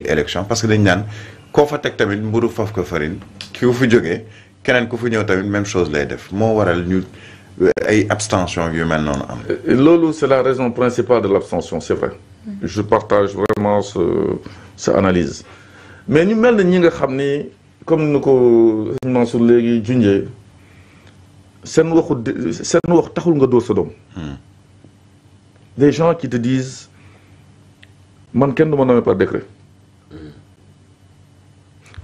élection parce que dañ naan ko fa tek tamit mburu faf ko farine ki fu jógee keneen ku fu ñëw tamit même chose lay def Moi, waral ñu euh, ay abstention yu mel non am lolu c'est la raison principale de l'abstention c'est vrai je partage vraiment ce cette analyse mais ñu mel na ñi nga xamni comme nous, ko sur Mansour léegi sen C'est waxu sen wax taxul nga do sa dom hmm. des gens qui te disent man ken duma nommé par décret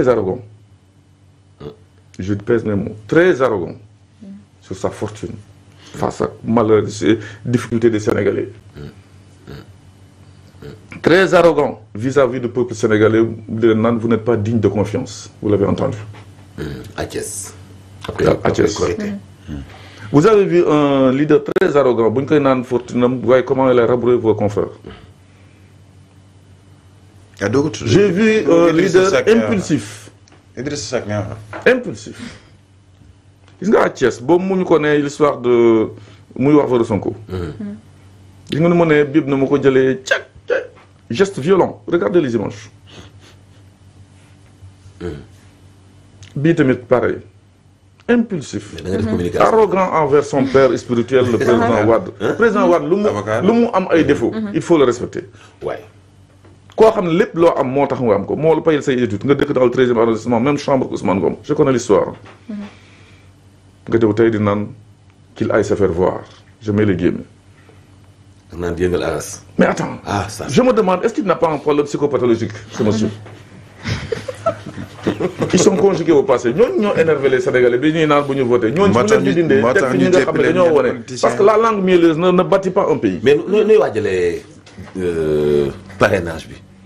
arrogant. Je pèse mes mots. Très arrogant sur sa fortune face à malheur, difficultés des Sénégalais. Très arrogant vis-à-vis du peuple sénégalais, de Nan, vous n'êtes pas digne de confiance. Vous l'avez entendu. Hum, à Athiès. Hum. Vous avez vu un leader très arrogant, vous voyez comment elle a rabroué vos confrères. J'ai vu un euh, leader impulsif. impulsif. Il nga à Thiès Bon, mu l'histoire de muy wax Sonko. Mm-hmm. il nga nu bib geste violent regardez les images. Mm-hmm. Bitemet pareil. impulsif. arrogant envers son père spirituel le président Le hein? président Ouad, l'homme a des défauts. Mm-hmm. il faut le respecter. Ouais koo xam ne lépp loo am moo tax nga am ko c'est la payal say études nga dëkk dans treizième arrondissement même chambre Ousmane Gom je connais l'histoire mhm. nga jëw tey di naan qu'il aille se faire voir je mets les guillemets naan yëngal aras mais attends ah, ça... je me demande est-ce qu'il n'a pas un problème psychopathologique ce monsieur ils sont conjugués au passé ñooñu ñoo énervé les sénégalais bi ñuy naan bu ñu voté ñooñu su leen di parce que la langue mielleuse ne bâtit pas un pays mais nooy les euh, parrainage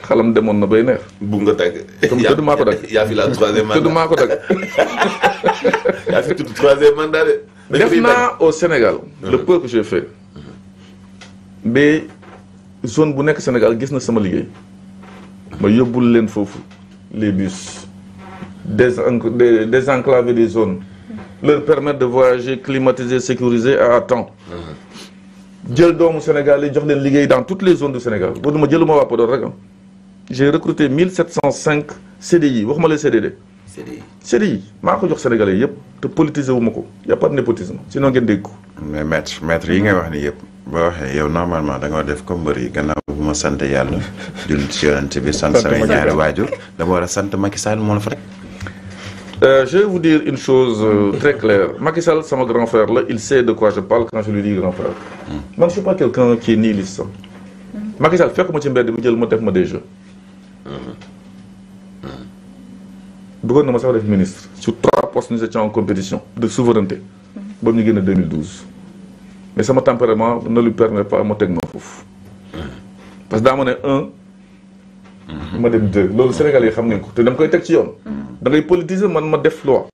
xalam demoon na bay neex. bu nga teg. comme tëdd maa ko dag yaa fi la troisième mandat tëdd maa ko dag. yaa fi tudd troisième mandat de. def naa au Sénégal. Uh-huh. le peu que j'ai fait. mais zone bu nekk Sénégal gis na sama liggéey. ma yóbbul leen foofu les bus. des des désenclaver des zones. leur permettre de voyager climatisé sécurisé à temps. Uh-huh. jël doomu Sénégal yi jox leen liggéey dans toutes les zones du Sénégal boo duma jëluma waa Podor rek ah j'ai recruté 1705 CDI waxuma CDD. CDI CDI Je sénégalais Il te a pas de népotisme sinon mais maître maître normalement comme a euh, je vais vous dire une chose euh, très claire. Macky grand frère. il sait de quoi je parle quand je lui dis grand frère. Hmm. je suis pas quelqu'un qui est hmm. Macky Sall, fais comme tu me bëggoon na ma sax def ministre sur trois postes nous étions en compétition de souveraineté mhm. boobu ñu génn 2012 mais sama tempérament ne lui permet pas ma teg ma foofu mhm. parce que daa ma ne un mhm. ma dem deux loolu Sénégal yi xam nañ ko te dama koy teg ci yoon da ngay politiser man ma def loi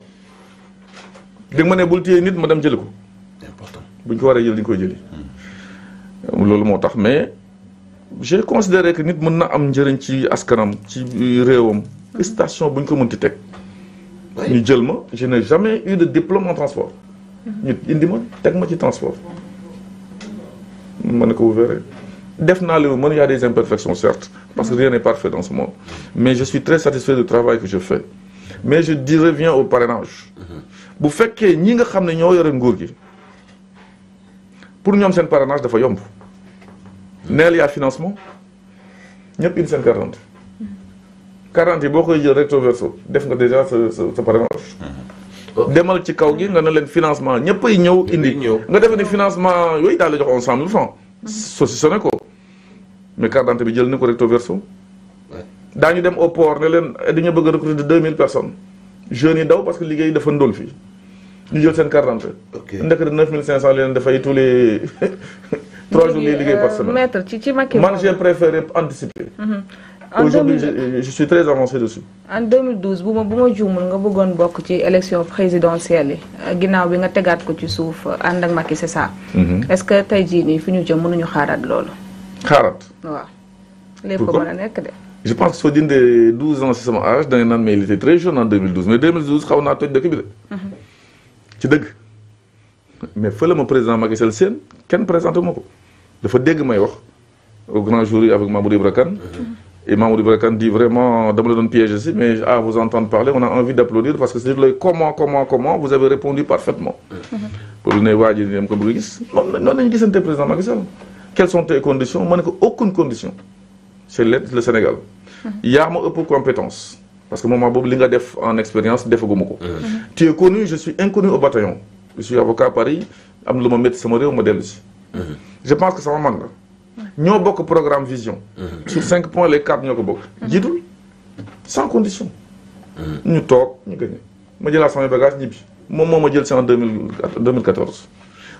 li ma ne bul téye nit ma dem jëli ko bu ñu ko waree jël dañu koy jëli loolu moo mais j'ai considéré que nit mën am njëriñ ci askanam ci réewam Mmh. station buñ ko mën ti ñu jël ma je n'ai jamais eu de diplôme en transport. Mmh. ñu indi ma teg ma ci transport. ne ko vous verrez def y a des imperfections certes parce que mmh. rien n'est parfait dans ce monde mais je suis très satisfait du travail que je fais mais je dis reviens au parrainage. bu fekkee ñi nga xam ne ñoo yore nguur gi pour ñoom seen parrainage dafa yomb. neel yaa financement ñëpp une seen garantie. 40, yi de jël recto verso def déjà ce mm-hmm. demal ci kaw gi nga financement ñeppay ñew indi nga financement francs mm-hmm. ko mais bi jël ni ko recto au port ne eh, recruter personnes yi parce que liggéey dafa jël de 9500, tous les 3 jours par semaine euh, man préféré anticiper mm-hmm aujourd'hui je, je suis très avancé dessus. en 2012 bu ma bu ma nga bëggoon ci élection présidentielle yi euh, ginnaaw bi nga tegaat ko ci suuf euh, ànd ak Macky c'est ça. Mhm. est-ce que tey jii nii fi ñu jëm mënuñu xaaraat loolu. lépp mën a de. je pense que soo jëndee 12 ans c'est mon âge da nga naan mais il était très jeune en 2012 mais 2012 xaw on a dëkk bi de. Mhm. ci dëgg. mais fële mon président Macky Sall seen kenn présenté ma ko dafa dégg may wax au grand jury avec Mamoudou Ibra et Mamoudou Ibrakan dit vraiment, dans le piège ici, mais à vous entendre parler, on a envie d'applaudir parce que c'est le comment, comment, comment, vous avez répondu parfaitement. Pour le non, il dit, président Macky Quelles sont tes conditions Moi, aucune condition. C'est le Sénégal. Il y a peu compétence. Parce que moi, je suis en expérience, mhm. Tu es connu, je suis inconnu au bataillon. Je suis avocat à Paris, je suis modèle Je pense que ça va manquer. Nous avons un programme vision. Mm-hmm. sur 5 points les quatre mm-hmm. sans condition. Nous mm-hmm. toog nous gagnons. ma jëlaat samay bagage en 2014.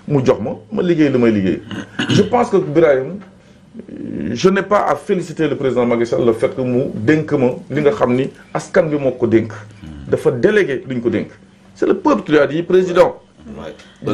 Je jël c'est en 2014. je pense que je n'ai pas à féliciter le président Macky pour le fait que nous, d'un li askan bi c'est le peuple qui a dit président. nous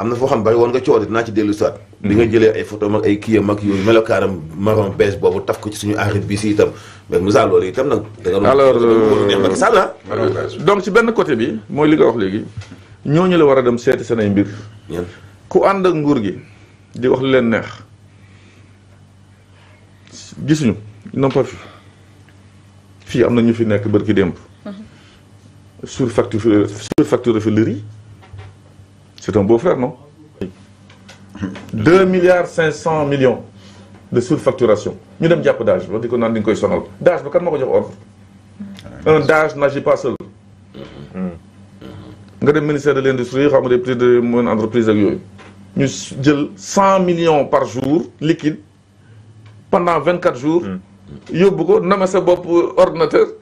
am na foo xam bari woon nga coow dinaa ci dellu saat bi nga mm-hmm. jëlee ay photo ak ay kiyam ak yooyu melokaanam marron beige boobu taf ko ci suñu enrit bi si itam mais Moussa loolu itam nag da nga alors euh, neex ma Sall ah. donc si benn côté bi mooy li nga wax léegi ñooñu la war a dem seeti seen ay mbir ku ànd ak nguur gi di wax lu leen neex gisuñu non fi fii am na ñu fi nekk bërki démb mm-hmm. sur facture sur facture fi yi C'est un beau frère, non 2 milliards 500 millions de surfacturation. Nous il diapos d'âge. Nous disons d'âge. D'âge, mais quand ordre Un d'âge n'agit pas seul. Nous avons ministère de l'Industrie, nous avons des de mon entreprise. Nous avons 100 millions par jour liquide pendant 24 jours. y a beaucoup ordinateur